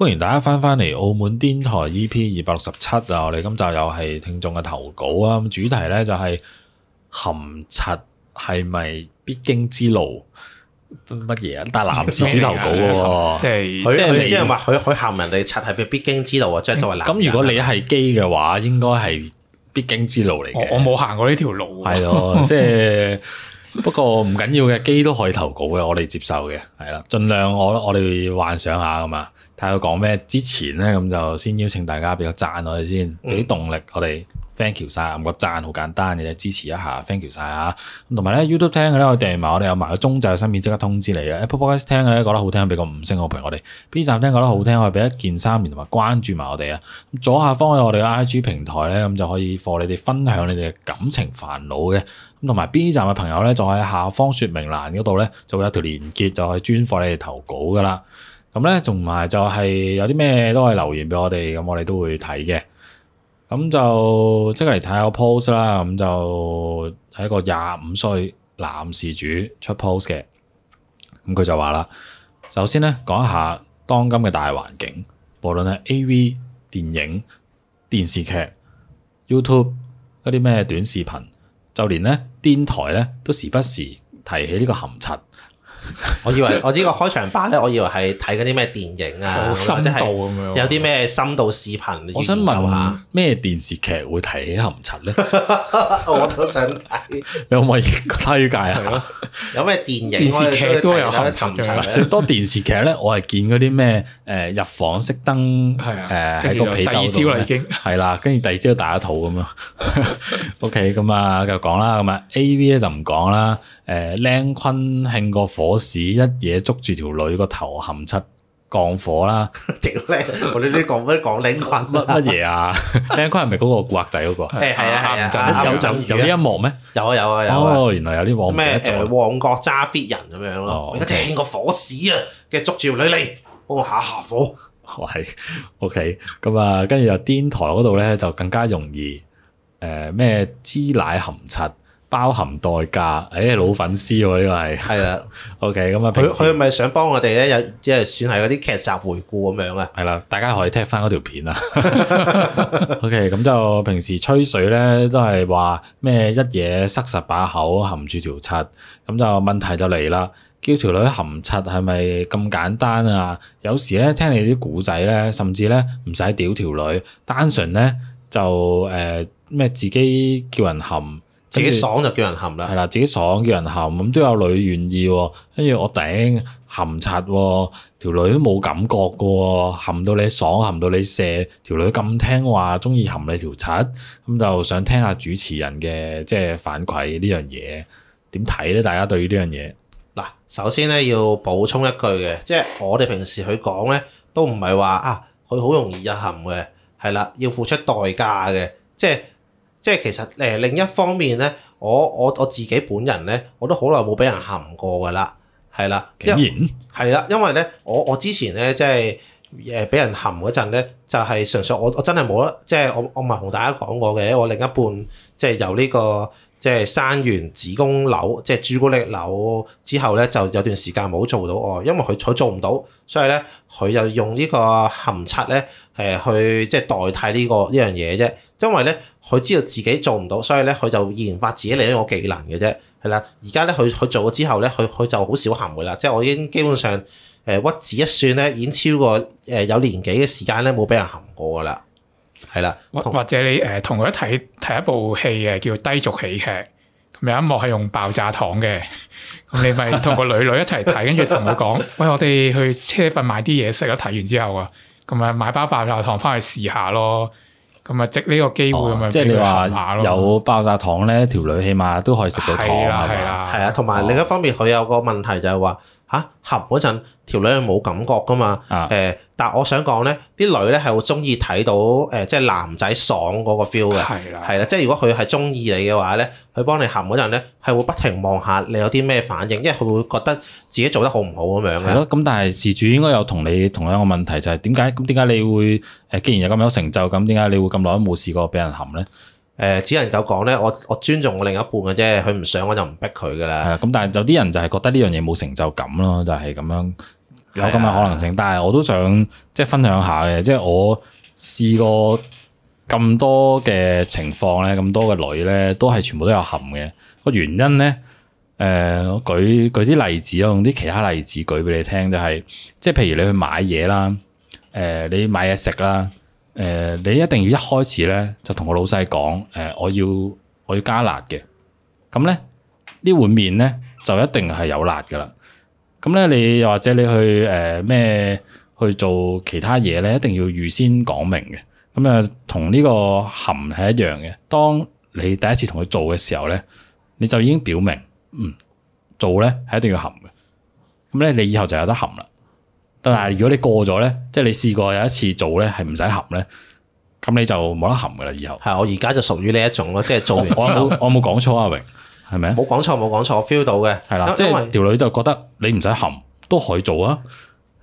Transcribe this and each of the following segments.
歡迎大家翻翻嚟澳門電台 EP 二百六十七啊！我哋今集又係聽眾嘅投稿啊！咁主題咧就係含柒係咪必經之路乜嘢啊？但係男士主投稿喎，即係即係即係話佢佢含人哋柒係咪必經之路啊？即係作為男人。咁、嗯、如果你係基嘅話，應該係必經之路嚟嘅。我冇行過呢條路，係咯， 即、就、係、是、不過唔緊要嘅，基都可以投稿嘅，我哋接受嘅，係啦，盡量我我哋幻想下啊嘛。喺佢講咩之前咧，咁就先邀請大家俾個讚我哋先，俾啲動力我哋。Thank you 曬，個贊好簡單嘅，你支持一下。Thank you 晒！啊！同埋咧 YouTube 聽嘅咧可以訂埋，我哋有埋個中制嘅新片即刻通知你嘅。Apple Podcast 聽嘅咧覺得好聽，俾個五星好評我哋。B 站聽覺得好聽可以俾一件衫，同埋關注埋我哋啊！咁左下方有我哋嘅 IG 平台咧，咁就可以幫你哋分享你哋嘅感情煩惱嘅。咁同埋 B 站嘅朋友咧，就喺下方說明欄嗰度咧就會有條連結，就係專放你哋投稿噶啦。咁咧，同埋就係有啲咩都可以留言俾我哋，咁我哋都會睇嘅。咁就即係嚟睇下 post 啦。咁就係一個廿五歲男事主出 post 嘅。咁佢就話啦，首先咧講一下當今嘅大環境，無論係 AV 電影、電視劇、YouTube 嗰啲咩短視頻，就連咧電台咧都時不時提起呢個含七。我以為我呢個開場白咧，我以為係睇嗰啲咩電影啊，好深度咁樣有啲咩深度視頻。我想問下咩電視劇會睇含柒咧？我都想睇。有冇推介下？有咩電影、電視劇都有含柒？最多電視劇咧，我係見嗰啲咩誒入房熄燈，係啊，誒喺個被竇度。第二朝啦，已經係啦，跟住第二朝打一套咁樣。OK，咁啊繼續講啦，咁啊 A V 咧就唔講啦。誒，靚坤慶過火。火屎一嘢捉住條女個頭，含七降火啦！屌你， 我哋啲講乜講靚坤乜乜嘢啊靚坤係咪嗰個古惑仔嗰個？係、那個、啊係啊，有有有啲一幕咩？有啊有啊有哦，原來有啲幕咩？誒、啊，啊、在旺角揸 fit 人咁樣咯，家、oh, okay. 聽到火屎啊嘅捉住條女嚟，哇、哦、下下火！係，OK，咁啊，跟住又癲台嗰度咧就更加容易誒，咩、呃、支奶含七？包含代價，誒、哎、老粉絲喎，呢個係係啦。O K，咁啊，佢佢咪想幫我哋咧，有即係算係嗰啲劇集回顧咁樣啊。係啦，大家可以聽翻嗰條片啊。O K，咁就平時吹水咧，都係話咩一嘢塞實把口含，含住條柒咁就問題就嚟啦。叫條女含柒係咪咁簡單啊？有時咧聽你啲古仔咧，甚至咧唔使屌條女，單純咧就誒咩、呃、自己叫人含。自己爽就叫人含啦，係啦，自己爽叫人含，咁都有女願意、哦。跟住我頂含柒，條、哦、女都冇感覺噶、哦，含到你爽，含到你射，條女咁聽話，中意含你條柒，咁、嗯、就想聽下主持人嘅即係反饋呢樣嘢，點睇咧？大家對於呢樣嘢，嗱，首先咧要補充一句嘅，即係我哋平時去講咧，都唔係話啊，佢好容易入含嘅，係啦，要付出代價嘅，即係。即係其實誒另一方面咧，我我我自己本人咧，我都好耐冇俾人含過㗎啦，係啦，竟然係啦，因為咧，我我之前咧即係誒俾人含嗰陣咧，就係純粹我我真係冇得，即係我我唔係同大家講過嘅，我另一半即係由呢個。即係生完子宮瘤，即係朱古力瘤之後咧，就有段時間冇做到哦，因為佢佢做唔到，所以咧佢就用呢個含測咧誒去即係代替呢個呢樣嘢啫。因為咧佢知道自己做唔到，所以咧佢就研發自己另一個技能嘅啫。係啦，而家咧佢佢做咗之後咧，佢佢就好少含過啦。即係我已經基本上誒屈指一算咧，已經超過誒有年幾嘅時間咧冇俾人含過㗎啦。係啦，或者你誒同佢一睇睇一部戲誒叫做低俗喜劇，咁有一幕係用爆炸糖嘅，咁 你咪同個女女一齊睇，跟住同佢講， 喂，我哋去車份買啲嘢食啦，睇完之後啊，咁啊買包爆炸糖返去試下咯，咁啊藉呢個機會咁啊、哦、即係你話下咯，有爆炸糖咧，條女起碼都可以食到糖係啊，係吧啊，同埋、哦、另一方面佢有個問題就係話。嚇含嗰陣，條女係冇感覺噶嘛？誒、啊，但我想講咧，啲女咧係會中意睇到誒、呃，即係男仔爽嗰個 feel 嘅。係啦的，係啦，即係如果佢係中意你嘅話咧，佢幫你含嗰陣咧，係會不停望下你有啲咩反應，因為佢會覺得自己做得好唔好咁樣咧。係咯，咁但係事主應該有同你同樣嘅問題，就係點解？咁點解你會誒？既然有咁有成就，咁點解你會咁耐都冇試過俾人含咧？誒、呃、只能夠講咧，我我尊重我另一半嘅啫，佢唔想我就唔逼佢噶啦。係啊，咁但係有啲人就係覺得呢樣嘢冇成就感咯，就係、是、咁樣有咁嘅可能性。的但係我都想即係分享下嘅，即係我試過咁多嘅情況咧，咁多嘅女咧都係全部都有含嘅個原因咧、呃。我舉舉啲例子咯，我用啲其他例子舉俾你聽，就係、是、即係譬如你去買嘢啦，誒、呃，你買嘢食啦。誒、呃，你一定要一開始咧就同個老細講，誒、呃，我要我要加辣嘅，咁咧呢碗麵咧就一定係有辣㗎喇。咁咧你又或者你去誒咩、呃、去做其他嘢咧，一定要預先講明嘅。咁啊，同呢個含係一樣嘅。當你第一次同佢做嘅時候咧，你就已經表明，嗯，做咧係一定要含嘅。咁咧你以後就有得含啦。但係如果你過咗咧，即係你試過有一次做咧，係唔使含咧，咁你就冇得含噶啦，以後係我而家就屬於呢一種咯，即係做完我冇我冇講錯啊，阿榮係咪啊？冇講錯冇講錯，feel 到嘅，係啦，即係條女就覺得你唔使含都可以做啊，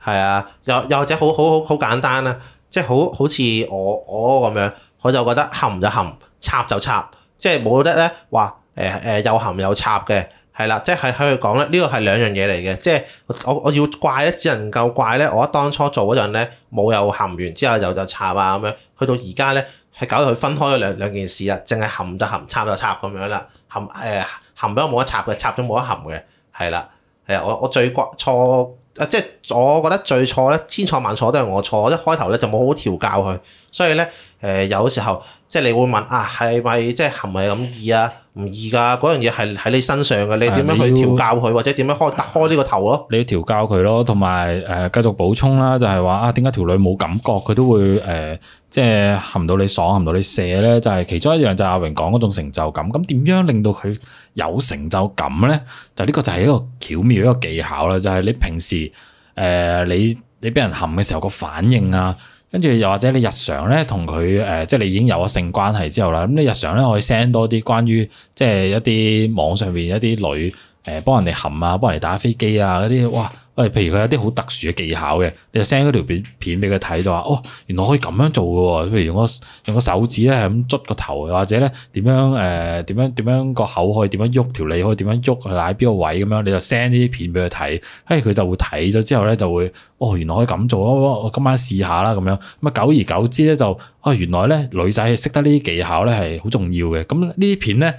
係啊，又又或者好好好好簡單啦，即係好好似我我咁樣，我就覺得含就含，插就插，即係冇得咧話誒誒又含又插嘅。係啦，即係喺佢講咧，呢個係兩樣嘢嚟嘅，即係我我要怪咧，只能夠怪咧，我當初做嗰陣咧冇有含完之後又就插啊咁樣，去到而家咧係搞到佢分開咗兩兩件事啦，淨係含就含，插就插咁樣啦，含誒、呃、含咗冇得插嘅，插咗冇得含嘅，係啦，係啊，我我最怪錯啊，即係我覺得最錯咧，千錯萬錯都係我錯，一開頭咧就冇好調教佢，所以咧。誒、呃、有時候即係你會問，啊係咪即係含係咁易啊唔易㗎？嗰樣嘢係喺你身上嘅，你點樣去調教佢、呃、或者點樣開打開呢個頭咯、啊？你要調教佢咯，同埋誒繼續補充啦，就係、是、話啊點解條女冇感覺佢都會誒、呃、即係含到你爽含到你射咧？就係、是、其中一樣就係阿榮講嗰種成就感。咁點樣令到佢有成就感咧？就呢、是、個就係一個巧妙一個技巧啦。就係、是、你平時誒、呃、你你俾人含嘅時候個反應啊。跟住又或者你日常咧同佢誒，即係你已經有咗性關係之後啦，咁、嗯、你日常咧可以 send 多啲關於即係一啲網上邊一啲女誒幫、呃、人哋含啊，幫人哋打飛機啊嗰啲哇～喂，譬如佢有啲好特殊嘅技巧嘅，你就 send 嗰條片片俾佢睇，就話哦，原來可以咁樣做嘅、哦。譬如我用個手指咧，係咁捽個頭，或者咧點樣誒點、呃、樣點樣個口可以點樣喐條脷，可以點樣喐去舐邊個位咁樣，你就 send 呢啲片俾佢睇。嘿、哎，佢就會睇咗之後咧，就會哦，原來可以咁做囉！我、哦、今晚試下啦咁樣。咁啊，久而久之咧，就、哦、啊，原來咧女仔識得呢啲技巧咧係好重要嘅。咁、嗯、呢啲片咧，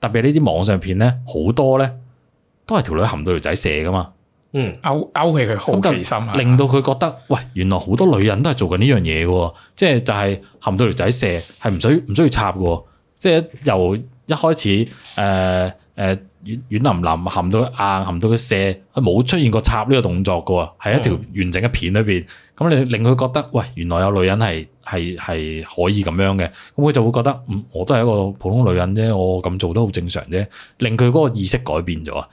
特別呢啲網上片咧，好多咧都係條女含到條仔射噶嘛。嗯，勾勾起佢好奇心，令到佢覺得，喂，原來好多女人都係做緊呢樣嘢嘅，即係就係、是、含到條仔射，係唔使唔需要插嘅，即係由一開始，誒、呃、誒、呃、軟軟腍腍含到硬，含到佢射，冇出現過插呢個動作嘅，係一條完整嘅片裏邊，咁、嗯、你令佢覺得，喂，原來有女人係係係可以咁樣嘅，咁佢就會覺得，嗯，我都係一個普通女人啫，我咁做都好正常啫，令佢嗰個意識改變咗啊，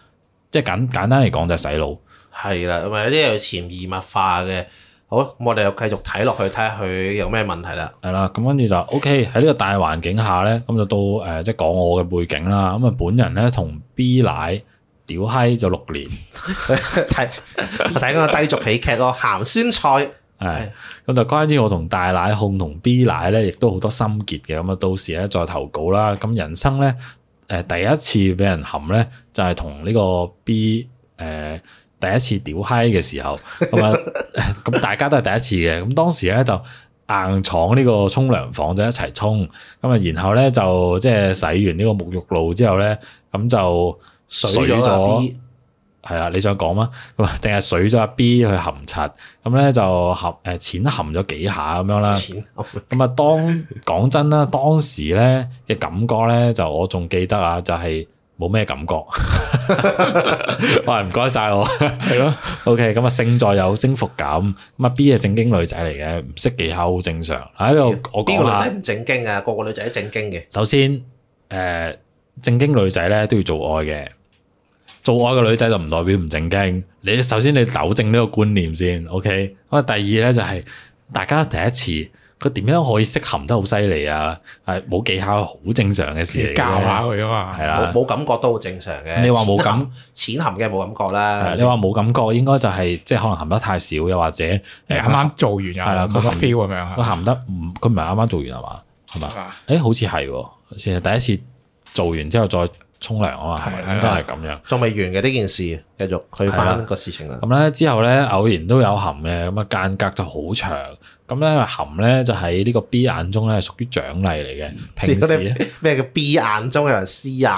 即、就、係、是、簡，簡，簡，簡，簡簡單嚟講就係洗腦。係啦，咁啊有啲有潛移默化嘅。好，我哋又繼續睇落去，睇下佢有咩問題啦。係啦，咁跟住就 O K。喺、OK，呢個大環境下咧，咁、嗯、就到誒即係講我嘅背景啦。咁、嗯、啊，本人咧同 B 奶屌閪咗六年，睇睇緊個低俗喜劇咯、哦，鹹酸菜。係、嗯，咁、嗯嗯、就關於我同大奶控同 B 奶咧，亦都好多心結嘅。咁、嗯、啊，到時咧再投稿啦。咁人生咧誒、呃、第一次俾人含咧，就係同呢個 B 誒、呃。呃呃呃第一次屌閪嘅時候，咁啊，咁大家都係第一次嘅。咁當時咧就硬闖呢個沖涼房，就一齊沖。咁啊，然後咧就即係洗完呢個沐浴露之後咧，咁就水咗，係啊，你想講咩？定係水咗阿 B 去含擦？咁咧就含誒淺含咗幾下咁樣啦。咁啊，當講 真啦，當時咧嘅感覺咧，就我仲記得啊，就係、是。冇咩感覺，喂， 唔該晒我，係 咯，OK，咁啊勝在有征服感，咁、嗯、啊 B 係正經女仔嚟嘅，唔識技巧好正常。喺、啊、度我講啦，呢個女仔唔正經啊，個個女仔都正經嘅。首先，誒、呃、正經女仔咧都要做愛嘅，做愛嘅女仔就唔代表唔正經。你首先你糾正呢個觀念先，OK、嗯。咁啊第二咧就係、是、大家第一次。佢點樣可以識含得好犀利啊？係冇技巧，好正常嘅事嚟。教下佢啊嘛，係啦，冇感覺都好正常嘅。你話冇感淺含嘅冇感覺啦。你話冇感覺，應該就係即係可能含得太少，又或者啱啱做完又係啦，冇個 feel 咁樣。佢含得唔，佢唔係啱啱做完係嘛？係嘛？誒，好似係，其實第一次做完之後再沖涼啊嘛，應該係咁樣。仲未完嘅呢件事，繼續去翻個事情啦。咁咧之後咧，偶然都有含嘅，咁啊間隔就好長。咁咧，含咧就喺呢個 B 眼中咧係屬於獎勵嚟嘅。平時咩叫 B 眼中又 C 眼？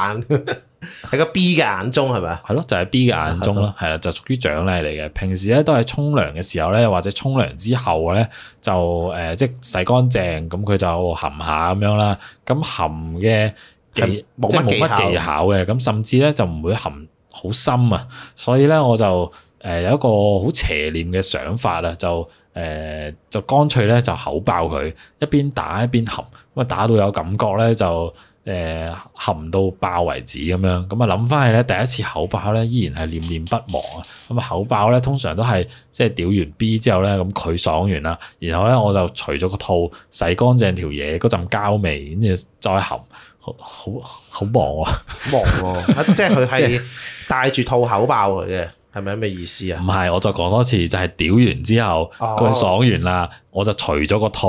係個 B 嘅眼中係咪啊？係咯，就喺 B 嘅眼中咯，係啦，就屬於獎勵嚟嘅。平時咧都係沖涼嘅時候咧，或者沖涼之後咧，就誒即係洗乾淨，咁佢就含下咁樣啦。咁含嘅技即係冇乜技巧嘅。咁甚至咧就唔會含好深啊。所以咧我就誒有一個好邪念嘅想法啊，就～誒、呃、就乾脆咧就口爆佢，一邊打一邊含，咁啊打到有感覺咧就誒、呃、含到爆為止咁樣，咁啊諗翻起咧第一次口爆咧依然係念念不忘啊！咁啊口爆咧通常都係即係屌完 B 之後咧，咁佢爽完啦，然後咧我就除咗個套，洗乾淨條嘢，嗰陣膠味，跟住再含，好好好忙喎、哦 是，忙喎，即係佢係戴住套口爆佢嘅。係咪咩意思啊？唔係，我再講多次，就係、是、屌完之後，佢爽、oh. 完啦，我就除咗個套，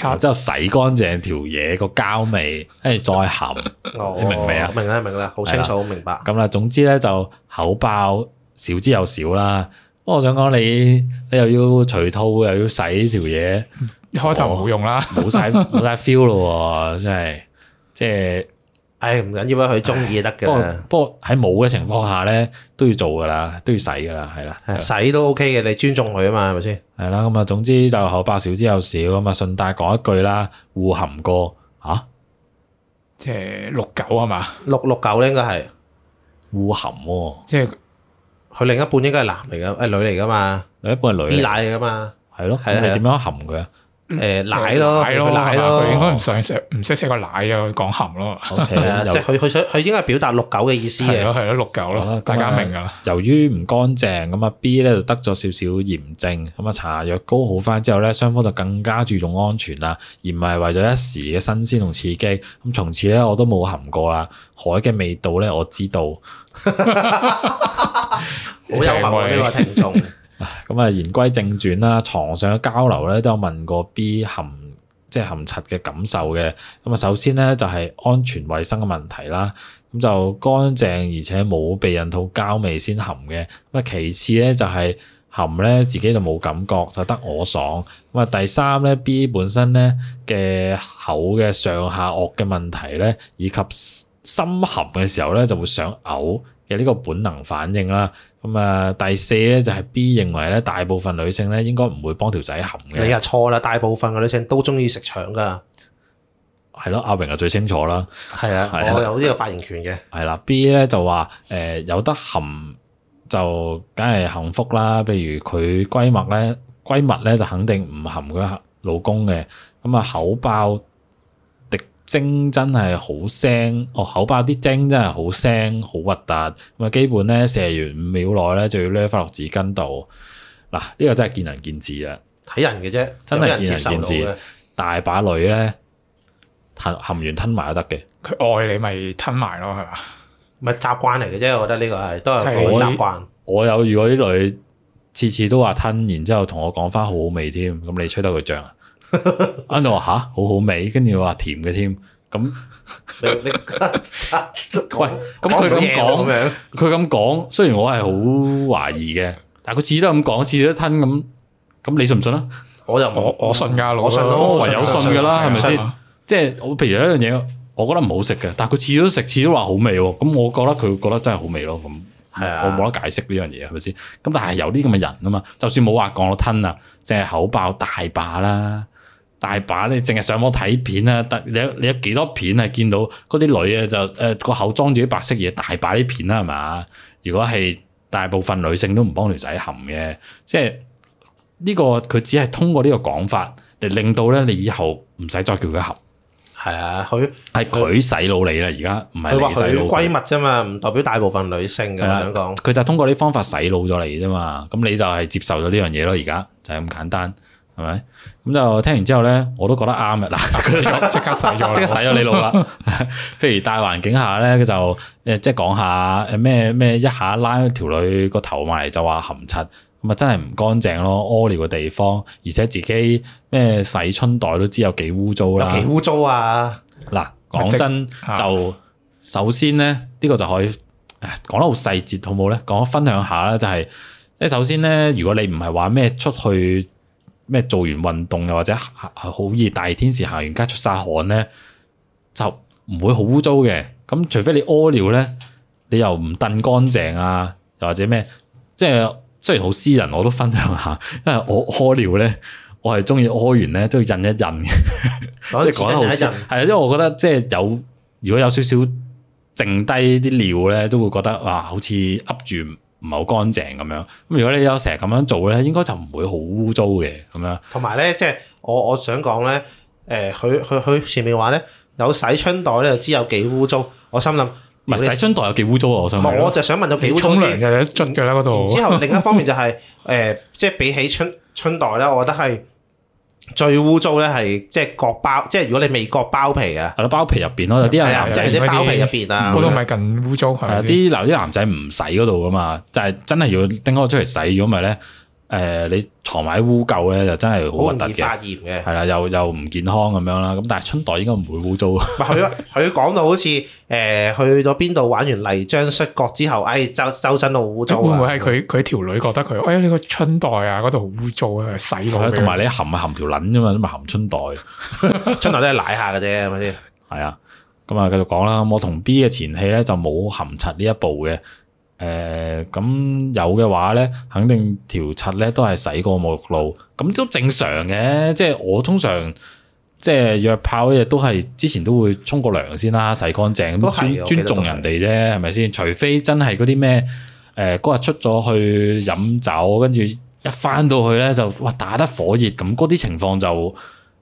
然之刻後洗乾淨條嘢個膠味，跟住再含，oh. 你明唔明啊？明啦，明啦，好清楚，的明白。咁啦、嗯，總之咧就口爆少之又少啦。不過我想講你，你又要除套，又要洗條嘢，一開頭唔好用啦，冇晒冇晒 feel 咯，真係即係。即係唔緊要啊，佢中意得噶啦。不過不過喺冇嘅情況下咧，都要做噶啦，都要洗噶啦，係啦。洗都 OK 嘅，你尊重佢啊嘛，係咪先？係啦，咁啊，總之就后八少之又少咁啊，順帶講一句啦，互含過，吓，即係六九啊嘛？六六九咧，應該係互含喎，即係佢另一半應該係男嚟噶係女嚟噶嘛？另一半係女，B 奶嘅嘛？係咯，係啊，點樣含佢啊？誒、欸，奶咯，奶咯，佢應該唔想食，唔識食個奶嘅，佢講含咯。 o、okay, K 啊， 即係佢佢想，佢應該表達六九嘅意思嘅。係咯，係咯，六九咯，大家明噶啦。由於唔乾淨咁啊，B 咧就得咗少少炎症，咁啊搽藥膏好翻之後咧，雙方就更加注重安全啦，而唔係為咗一時嘅新鮮同刺激。咁從此咧我都冇含過啦，海嘅味道咧我知道。好幽默呢個聽眾。 咁啊，言歸正傳啦，床上嘅交流咧，都有問過 B 含即係含柒嘅感受嘅。咁啊，首先咧就係安全衛生嘅問題啦，咁就乾淨而且冇避孕套膠味先含嘅。咁啊，其次咧就係含咧自己就冇感覺，就得我爽。咁啊，第三咧 B 本身咧嘅口嘅上下顎嘅問題咧，以及深含嘅時候咧就會想嘔。其實呢個本能反應啦，咁啊，第四咧就係 B 認為咧，大部分女性咧應該唔會幫條仔含嘅。你又錯啦，大部分嘅女性都中意食腸噶。係咯，阿榮啊最清楚啦。係啊，係啊，我有呢個發言權嘅。係啦，B 咧就話誒有得含就梗係幸福啦。譬如佢閨蜜咧，閨蜜咧就肯定唔含佢老公嘅。咁啊，口爆精真係好腥，哦口爆啲精真係好腥，好核突。咁啊，基本咧射完五秒內咧就要攞翻落紙巾度。嗱，呢個真係見仁見智啊。睇人嘅啫，真係見仁見智。大把女咧含含完吞埋都得嘅，佢愛你咪吞埋咯，係嘛？咪習慣嚟嘅啫，我覺得呢個係都係個習慣。我有遇過啲女次次都話吞，然之後同我講翻好好味添，咁你吹得佢脹啊？啱到我吓，好好味，跟住話甜嘅添。咁喂，咁佢咁講，佢咁講，雖然我係好懷疑嘅，但係佢次次都咁講，次次都吞咁，咁你信唔信啊？我又我我信噶我信咯，唯有信噶啦係咪先？即係我譬如一樣嘢，我覺得唔好食嘅，但係佢次次都食，次都話好味，咁我覺得佢覺得真係好味咯。咁係啊，我冇得解釋呢樣嘢係咪先？咁但係有啲咁嘅人啊嘛，就算冇話講到吞啊，淨係口爆大把啦。大把咧，淨係上網睇片啦，得你有你有幾多片啊？見到嗰啲女啊，就誒個口裝住啲白色嘢，大把啲片啦，係嘛？如果係大部分女性都唔幫條仔含嘅，即係呢、呢個佢只係通過呢個講法嚟令到咧，你以後唔使再叫佢含。係啊，佢係佢洗腦你啦，你他他而家唔係你洗腦。佢話佢閨蜜啫嘛，唔代表大部分女性嘅。啊、我想講，佢就通過啲方法洗腦咗你啫嘛，咁你就係接受咗呢樣嘢咯。而家就係咁簡單，係咪？咁就聽完之後咧，我都覺得啱嘅啦。 即刻洗，即刻洗咗你腦啦。譬如大環境下咧，佢就誒，即係講下誒咩咩，一下拉條女個頭埋嚟就話含柒，咁啊真係唔乾淨咯，屙尿嘅地方，而且自己咩洗春袋都知有幾污糟啦。幾污糟啊！嗱，講真是就首先咧，呢、這個就可以講、嗯、得好細節，好唔好咧？講分享下啦，就係即係首先咧，如果你唔係話咩出去。咩做完運動，又或者好熱大熱天時行完街出晒汗咧，就唔會好污糟嘅。咁除非你屙尿咧，你又唔燉乾淨啊，又或者咩？即係雖然好私人，我都分享下，因為我屙尿咧，我係中意屙完咧都要印一印，嘅， 即係講得好。係啊，因為我覺得即係有如果有少少剩低啲尿咧，都會覺得哇，好似噏住。唔係好乾淨咁樣，咁如果你有成日咁樣做咧，應該就唔會好污糟嘅咁樣。同埋咧，即係我我想講咧，誒，佢佢佢前面話咧有洗春袋咧，就知有幾污糟。我心諗，唔係洗春袋有幾污糟啊！我心諗，我我就想問到幾污糟先。沖涼又有樽嘅啦，嗰度。之 後另一方面就係誒，即係比起春春袋咧，我覺得係。最污糟咧，係即係割包，即係如果你未割包皮啊，係咯包皮入邊咯，有啲人男仔，啲包皮入邊啊，嗰度咪更污糟係，啲留啲男仔唔洗嗰度噶嘛，就係、是、真係要拎我出嚟洗，如果唔係咧。誒、呃，你藏埋污垢咧，就真係好核突嘅，好容易發炎嘅。係啦，又又唔健康咁樣啦。咁但係春袋應該唔會污糟。唔，佢講到好似誒、呃，去咗邊度玩完泥漿摔角之後，哎，周周身都污糟啊！會唔會係佢佢條女覺得佢 哎，呀，呢個春袋啊，嗰度好污糟啊，洗落去。同埋你含係含條撚啫嘛，都咪含春袋，春袋都係舐下嘅啫，係咪先？係啊，咁啊，繼續講啦。我同 B 嘅前戲咧就冇含柒呢一步嘅。誒咁、呃、有嘅話咧，肯定條柒咧都係洗過沐浴露，咁都正常嘅。即係我通常即係約炮呢嘢都係之前都會沖個涼先啦，洗乾淨咁尊重人哋啫，係咪先？除非真係嗰啲咩誒嗰日出咗去飲酒，跟住一翻到去咧就哇打得火熱，咁，嗰啲情況就～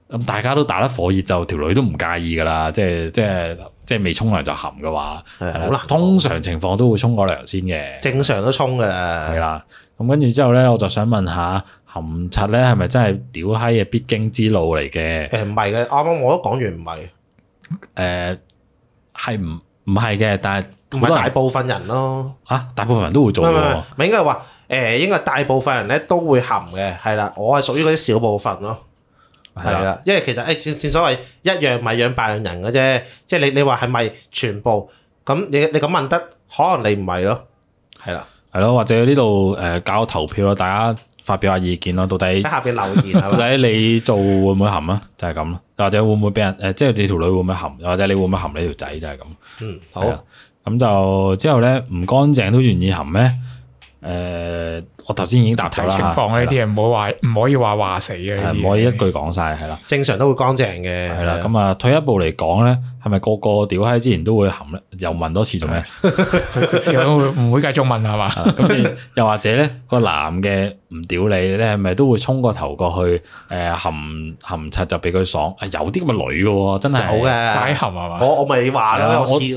咁大家都打得火熱，就條女都唔介意噶啦，即係即係即係未沖涼就含嘅話，好啦的，通常情況都會沖個涼先嘅。正常都沖噶啦。係啦，咁跟住之後咧，我就想問下，含柒咧係咪真係屌閪嘅必經之路嚟嘅？誒唔係嘅，啱啱我都講完唔係。誒係唔唔係嘅，但係唔係大部分人咯。啊，大部分人都會做嘅。唔應該話，誒、呃、應該大部分人咧都會含嘅，係啦，我係屬於嗰啲小部分咯。係啦，的因為其實誒、欸，正正所謂一樣米養百樣人嘅啫，即係你你話係咪全部？咁你你咁問得，可能你唔係咯，係啦，係咯，或者呢度誒搞投票咯，大家發表下意見咯，到底喺下邊留言， 到底你做會唔會含啊？就係咁咯，或者會唔會俾人誒、呃？即係你條女會唔會含，或者你會唔會含你條仔？就係、是、咁。嗯，好，咁就之後咧唔乾淨都願意含咩？誒、啊，我頭先已經答咗啦。情況呢啲嘢唔好話，唔的可以話話死嘅，唔的可以一句講晒係啦。正常都會乾淨嘅。係啦，咁啊退一步嚟講咧，係咪個個屌閪之前都會含咧？又問多次做咩？會唔會繼續問係嘛？是的 又或者咧，個男嘅唔屌你咧，係咪都會衝個頭過去？誒、呃，含含柒就俾佢爽。誒，有啲咁嘅女嘅，真係好嘅，太的含係嘛？我我咪話咧，我試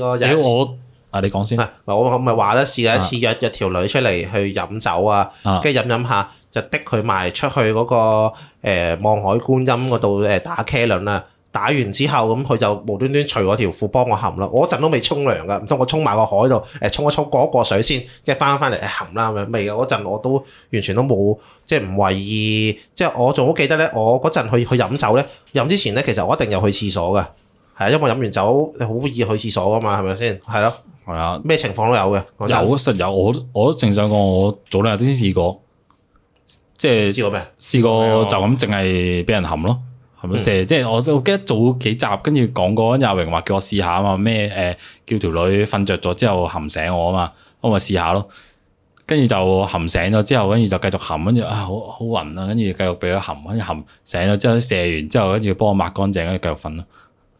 你講先。唔係我咪話咧，試過一次約約條女出嚟去飲酒啊，跟住飲飲下，就的佢埋出去嗰個誒望海觀音嗰度誒打茄輪啦。打完之後咁，佢就無端端除我條褲幫我含啦。我嗰陣都未沖涼噶，唔通我沖埋個海度誒沖一沖過一過水先，即係翻翻嚟誒含啦咁樣。未啊！嗰陣我都完全都冇即係唔為意，即係我仲好記得咧，我嗰陣去去飲酒咧，飲之前咧，其實我一定有去廁所噶，係啊，因為我飲完酒好易去廁所噶嘛，係咪先？係咯。係啊，咩情況都有嘅。有，實有。我都，我都，我都正想講，我早兩日先試過，即係試過咩？試過就咁，淨係俾人含咯，係咪射？嗯、即係我我記得早幾集，跟住講過，阿榮話叫我試下啊嘛，咩誒、呃？叫條女瞓着咗之後含醒我啊嘛，我咪試下咯。跟住就含醒咗之後，跟住就繼續含，跟住啊好好暈啊！跟住繼續俾佢含，跟住含醒咗之後射完之後，跟住幫我抹乾淨，跟住繼續瞓咯。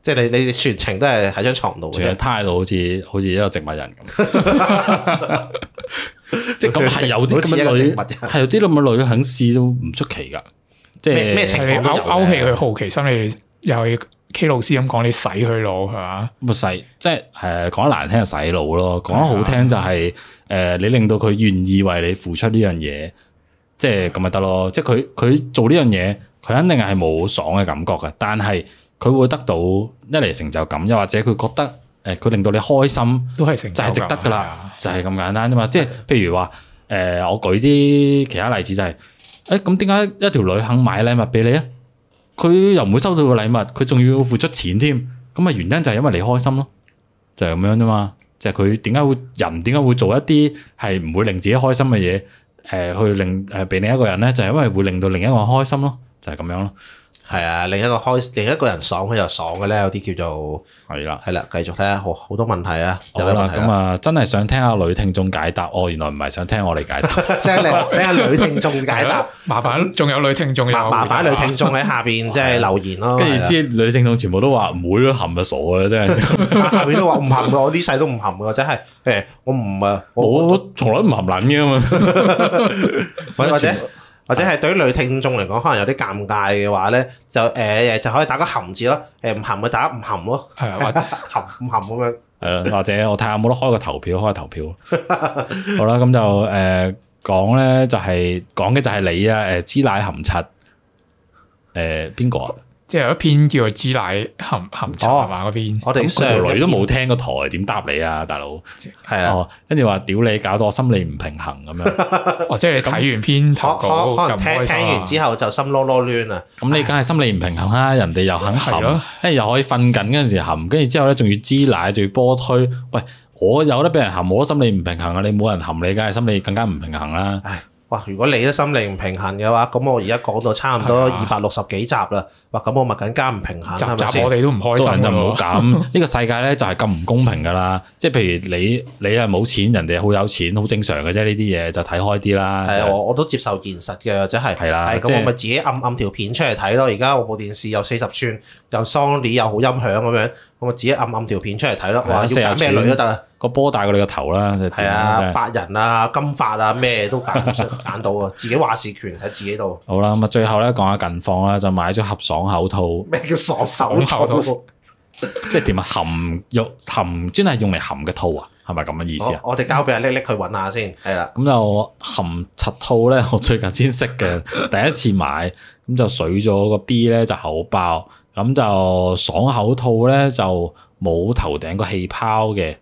即係你你全程都係喺張床度嘅，成日癱到好似好似一個植物人咁。 即係咁係有啲咁嘅女，係有啲咁嘅女肯試都唔出奇噶。即係咩情況？你勾起佢好奇心，你又係 K 老師咁講，你洗佢腦係嘛？咪洗，即係誒講得難聽就洗腦咯，講得好聽就係、是、誒、呃、你令到佢願意為你付出呢樣嘢，即係咁咪得咯。即係佢佢做呢樣嘢，佢肯定係冇爽嘅感覺噶，但係。佢會得到一嚟成就感，又或者佢覺得誒佢、欸、令到你開心，都係成就，就係值得噶啦，嗯、就係咁簡單啫嘛。嗯、即係譬如話誒、呃，我舉啲其他例子就係、是，誒咁點解一條女肯買禮物俾你啊？佢又唔會收到個禮物，佢仲要付出錢添。咁啊原因就係因為你開心咯，就係、是、咁樣啫嘛。即係佢點解會人點解會做一啲係唔會令自己開心嘅嘢？誒、呃、去令誒俾另一個人咧，就係、是、因為會令到另一個人開心咯，就係、是、咁樣咯。係啊，另一個開，另一個人爽佢又爽嘅咧，有啲叫做係啦，係啦，繼續睇下，好好多問題啊，有啊，咁啊，真係想聽下女聽眾解答哦，原來唔係想聽我哋解答，即係你聽下女聽眾解答，麻煩，仲有女聽眾，麻煩女聽眾喺下邊即係留言咯，跟住知女聽眾全部都話唔會咯，含咪傻嘅，真係下邊都話唔含嘅，我呢世都唔含嘅，真係，誒，我唔啊，我從來唔含卵嘅嘛，喂，或者。或者係對於女聽眾嚟講，可能有啲尷尬嘅話咧，就誒、呃、就可以打個含字咯，誒、呃、唔含咪打唔含咯，係啊的， 含唔含咁樣。係咯，或者我睇下有冇得開個投票，開個投票。 好啦，咁就誒講咧，就係講嘅就係你啊，誒、呃、知奶含柒，誒、呃、邊個啊？即有一篇叫做《做《支奶含含茶》嘛嗰篇，咁條、哦、女都冇聽個台，點、嗯、答你啊，大佬？係啊的，跟住話屌你搞到我心理唔平衡咁樣， 哦，即係你睇完片頭，可、 啊、聽聽完之後就心囉囉攣啦。咁你梗係心理唔平衡啦、啊，唉人哋又肯含，跟住的又可以瞓緊嗰陣時含，跟住之後咧仲要支奶，仲要波推。喂，我有得俾人含，我心理唔平衡啊！你冇人含你，梗係心理更加唔平衡啦、啊。哇！如果你都心理唔平衡嘅話，咁我而家講到差唔多二百六十幾集啦。的哇！咁我咪更加唔平衡，集，集，吧集我哋都唔開心就。就唔好咁。呢個世界咧就係咁唔公平噶啦。即係譬如你你係冇錢，人哋好有錢，好正常嘅啫。呢啲嘢就睇開啲啦。係啊，我我都接受現實嘅，即係。係啦。係咁，我咪自己暗暗條片出嚟睇咯。而家我部電視又四十寸，桑又 Sony 又好音響咁樣。我咪自己暗暗條片出嚟睇咯，話要揀咩女都得，個波大過你個頭啦。係啊，白人啊，金髮啊，咩都揀揀到啊， 自己話事權喺自己度。好啦，咁啊，最後咧講下近況啦，就買咗盒爽口套。咩叫手爽口套？ 即係點啊？含肉含專係用嚟含嘅套啊？係咪咁嘅意思啊？我哋交俾阿叻叻去揾下先。係啦，咁就含柒套咧，我最近先識嘅， 第一次買，咁就水咗個 B 咧就口爆。咁就爽口套咧，就冇頭頂個氣泡嘅。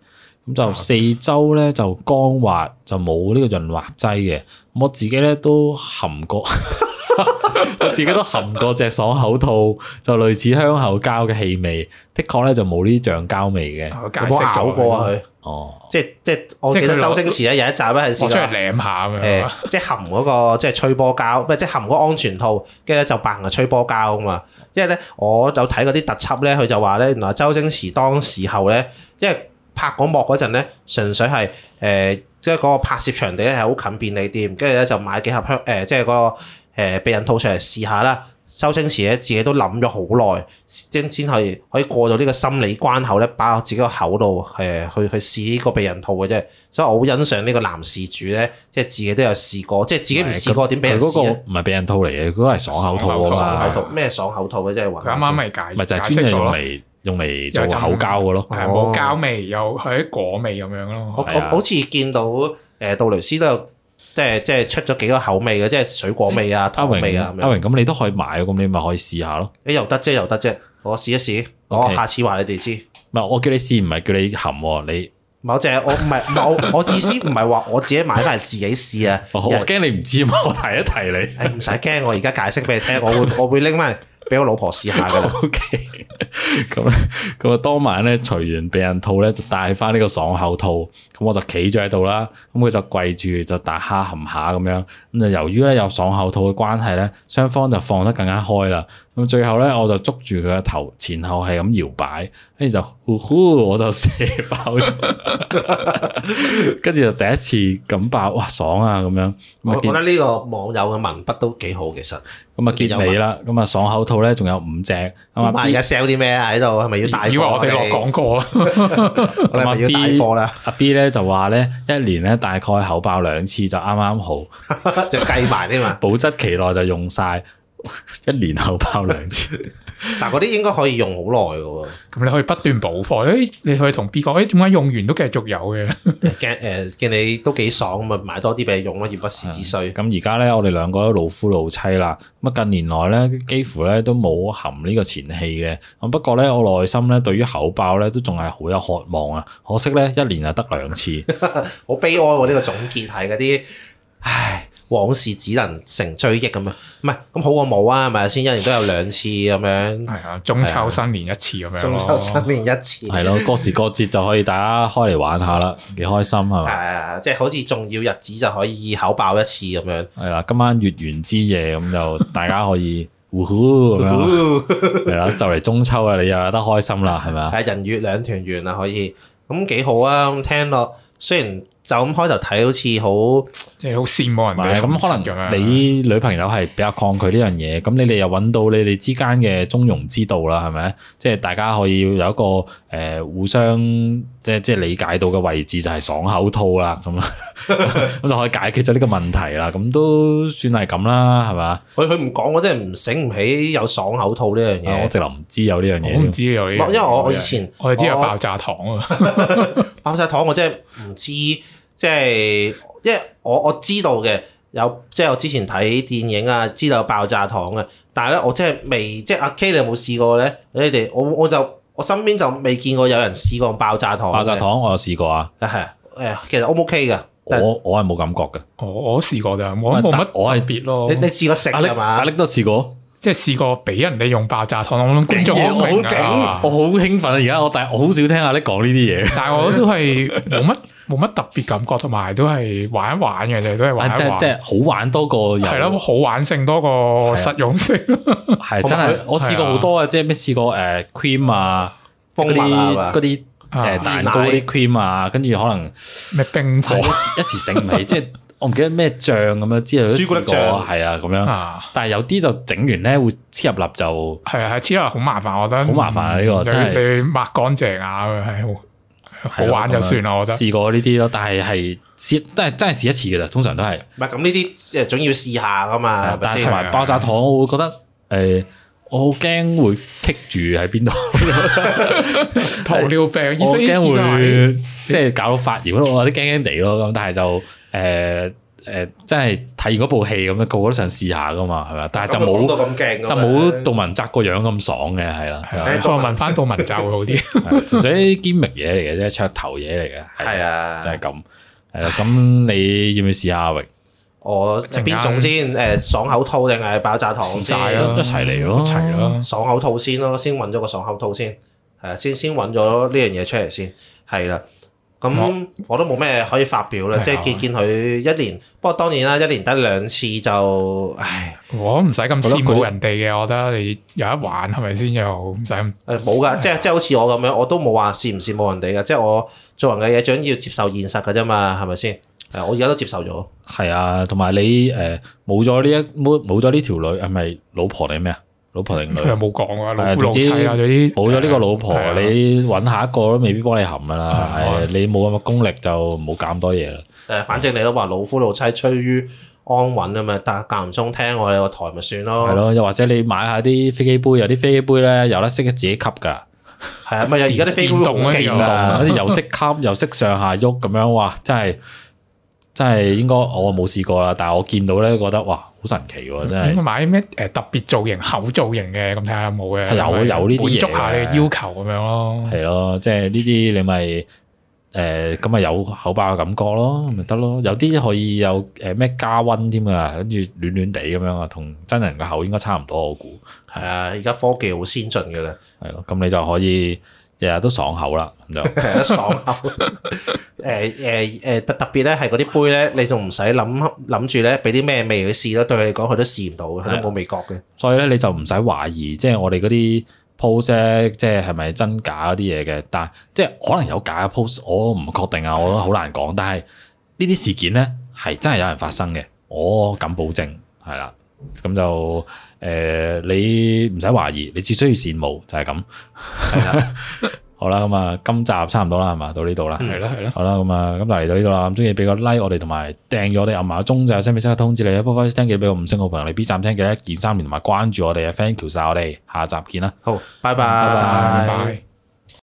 咁就四周咧就光滑，就冇呢個潤滑劑嘅。我自己咧都含過， 我自己都含過隻爽口套，就類似香口膠嘅氣味。的確咧就冇呢橡膠味嘅。咁我咬過佢、啊。哦、啊，即係即係，我記得周星馳咧有一集咧係，出嚟舐下嘅，即係、欸、含嗰、嗰個，即係吹波膠，即、就、係、係、含嗰安全套，跟住咧就扮係吹波膠啊嘛。因為咧，我呢就睇嗰啲特輯咧，佢就話咧，原來周星馳當時候咧，因為，因為。拍嗰幕嗰陣咧，純粹係誒，即係嗰個拍攝場地咧係好近便利店，跟住咧就買幾盒香誒，即係嗰個避孕套出嚟試下啦。周星馳咧自己都諗咗好耐，先先係可以過到呢個心理關口咧，擺自己個口度誒、呃、去去試呢個避孕套嘅啫。所以我好欣賞呢個男事主咧，即係自己都有試過，即係自己唔試過點俾人試？佢嗰個唔係避孕套嚟嘅，嗰個係爽口套啊嘛。爽口套咩對爽口套嘅啫？佢啱啱咪解咪就係專利。用嚟做口膠嘅咯，冇膠味，又係果味咁樣咯。我好似見到誒、呃、杜蕾斯都有，即係即係出咗幾個口味嘅，即係水果味啊、湯、欸、味啊咁、欸、阿榮，咁樣你都可以買，咁你咪可以試下咯。你又得啫，又得啫，我試一試，Okay. 我下次話你哋知。唔係我叫你試，唔係叫你含你。某就我唔係，唔係我我意思唔係話我自己買翻嚟自己試啊。 日我我驚你唔知嘛，我提一提你。你唔使驚，我而家解釋俾你聽，我會我會拎翻嚟。俾我老婆試下噶啦，OK，咁咁啊！當晚咧，除完避孕套咧，就帶翻呢個爽口套，咁我就企咗喺度啦，咁佢就跪住就打下含下咁樣，咁、嗯、就由於咧有爽口套嘅關係咧，雙方就放得更加開啦。咁最後咧，我就捉住佢個頭，前後係咁搖擺，跟住就呼呼，呼我就射爆咗，跟住 就第一次咁爆，哇爽啊咁樣。我覺得呢個網友嘅文筆都幾好，其實。咁啊結尾啦，咁啊爽口套咧仲有五隻。阿 B 而家 sell 啲咩啊？喺度係咪要大？因為我哋落講過。咁啊 要大貨啦。 阿 B 咧就話咧，一年咧大概口爆兩次就啱啱好，就 計埋啲嘛。保質期內就用晒。一年後爆兩次， 但嗰啲應該可以用好耐嘅，咁你可以不斷補貨。誒， 你可以同 B 講，誒，點解用完都繼續有嘅？見 誒，見你都幾爽，咪買多啲俾你用咯，以不時之需。咁而家咧，我哋兩個都老夫老妻啦，咁啊近年來咧，幾乎咧都冇含呢個前戲嘅。咁不過咧，我內心咧對於口爆咧都仲係好有渴望啊。可惜咧，一年啊得兩次， 好悲哀喎、啊！呢、呢個總結係嗰啲，唉。往事只能成追憶咁樣，唔係咁好過冇啊，係咪先一年都有兩次咁樣？係啊，中秋、新年一次咁樣。 中秋、新年一次，係咯，過時過節就可以大家開嚟玩,玩下啦，幾開心係嘛？係啊，即係好似重要日子就可以口爆一次咁樣。係啦，今晚月圓之夜咁就大家可以呼呼啦，就 嚟中秋啦，你又有得開心啦，係咪啊？係人月兩團圓啊，可以咁幾、 嗯、好啊！咁、嗯、聽落雖然。就咁開頭睇好似好，即係好羨慕人哋咁。對可能你女朋友係比較抗拒呢樣嘢，咁的你哋又揾到你哋之間嘅中融之道啦，係咪？即係大家可以有一個誒、呃、互相即即係理解到嘅位置，就係爽口套啦，咁啊，咁 就可以解決咗呢個問題啦。咁都算係咁啦，係嘛？佢佢唔講，我真係唔醒唔起有爽口套呢樣嘢。我直頭唔知有呢樣嘢。我唔知有呢，因為我我以前我哋知有爆炸糖啊， 爆炸糖我真係唔知。 即係，因為我我知道嘅有，即係我之前睇電影啊，知道爆炸糖嘅。但係咧，我即係未，即係阿 K 你有冇試過咧？你哋我我就我身邊就未見過有人試過爆炸糖。爆炸糖我有試過啊，係啊，其實 O 唔 O K 嘅。我我係冇感覺嘅。我我試過就，我冇乜，我係但 別咯。是你你試過食係嘛？阿力都試過，即係試過俾人哋用爆炸糖。啊、我好驚，我好興奮啊！而家我但係我好少聽阿力講呢啲嘢。 但係我都係冇乜。 冇乜特別感覺，同埋都係玩一玩嘅啫，都係玩一玩。即即好玩多過，係咯，好玩性多過實用性。係真係我試過好多啊，即咩試過誒 cream 啊，嗰啲啲誒蛋糕嗰啲 cream 啊，跟住可能咩冰火一時醒唔起，即我唔記得咩醬咁樣之類。朱古力醬係啊，咁樣。但係有啲就整完咧會黐入粒就係啊，係黐入好麻煩，我覺得好麻煩啊呢個。你你抹乾淨啊，係。好玩就算啦，我試過呢啲咯，但係係試都係真係試一次噶啦，通常都係。唔係咁呢啲，即係總要試下噶嘛。但係同埋爆炸糖，我會覺得誒、呃，我好驚會棘住喺邊度。 糖尿病醫生，我驚會，我會 即係搞到發炎咯，我有啲驚驚地咯。咁但係就誒。呃誒，真係睇完嗰部戲咁樣，個個都想試下噶嘛，係嘛？但係就冇，就冇杜汶澤個樣咁爽嘅，係啦。誒，我、欸、問翻杜汶澤會好啲，純粹堅明嘢嚟嘅啫，噱頭嘢嚟嘅。係啊，就係咁。係啦，咁你要唔要試下榮？我邊種先？誒，爽口套定係爆炸糖、啊、先、啊？一齊嚟咯，一齊咯。爽口套先咯，先揾咗個爽口套先。係啊，先先揾咗呢樣嘢出嚟先，係啦。咁我都冇咩可以發表啦，即係的見見佢一年。不過當然啦，一年得兩次就唉，我唔使咁羨慕人哋嘅。我覺得你有得玩係咪先，又唔使咁冇噶，即係即係好似我咁樣，我都冇話羨唔羨慕人哋嘅。即係我做人嘅嘢，最緊要接受現實嘅啫嘛，係咪先？誒，我而家都接受咗。係啊，同埋你誒冇咗呢一冇冇咗呢條女係咪老婆定係咩啊？老婆定女又冇講啊！老夫老妻啊，嗰啲冇咗呢個老婆，的你揾下一個都未必幫你含噶啦。係你冇咁嘅功力就，就冇咁多嘢啦。誒，反正你都話老夫老妻趨於安穩啊嘛。但間唔中聽我哋個台咪算咯。係咯，又或者你買下啲飛機杯，有啲飛機杯咧，有得識得自己吸噶。係啊，咪有而家啲飛機杯好勁啊！啲又識吸，又識上下喐咁樣，哇！真係真係應該, 應該我冇試過啦。但係我見到咧，覺得哇～神奇喎，真係、嗯！應買咩誒特別造型、口造型嘅咁睇下有冇嘅。有有呢啲嘢滿足下你嘅要求咁樣咯。係咯，即係呢啲你咪誒咁咪有口爆嘅感覺咯，咪得咯。有啲可以有誒咩、呃、加溫添㗎，跟住暖暖地咁樣啊，同真人嘅口應該差唔多，我估。係啊，而家科技好先進㗎啦。係咯，咁你就可以。日日、yeah, 都爽口啦，成日都爽口。誒誒誒，特特別咧，係嗰啲杯咧，你仲唔使諗諗住咧，俾啲咩味去試咯？對佢嚟講，佢都試唔到，佢都冇味覺嘅。所以咧，你就唔使懷疑，即係我哋嗰啲 post 即係係咪真假嗰啲嘢嘅。但係即係可能有假嘅 post，我唔確定啊，我覺得好難講。但係呢啲事件咧係真係有人發生嘅，我敢保證係啦。咁就。誒、呃，你唔使懷疑，你只需要羨慕就係、是、咁，係啦， 好啦，咁啊，今集差唔多啦，係嘛，到呢度啦，係啦係啦，好啦，咁啊，咁就嚟到呢度啦，咁中意俾個 like，我哋同埋訂閱我哋，暗埋鐘仔，先俾先通知你，波波聽記俾個五星好朋友你 B 站聽記一二三年同埋關注我哋啊 ，thank you 晒我哋，下集見啦，好，拜拜，拜拜。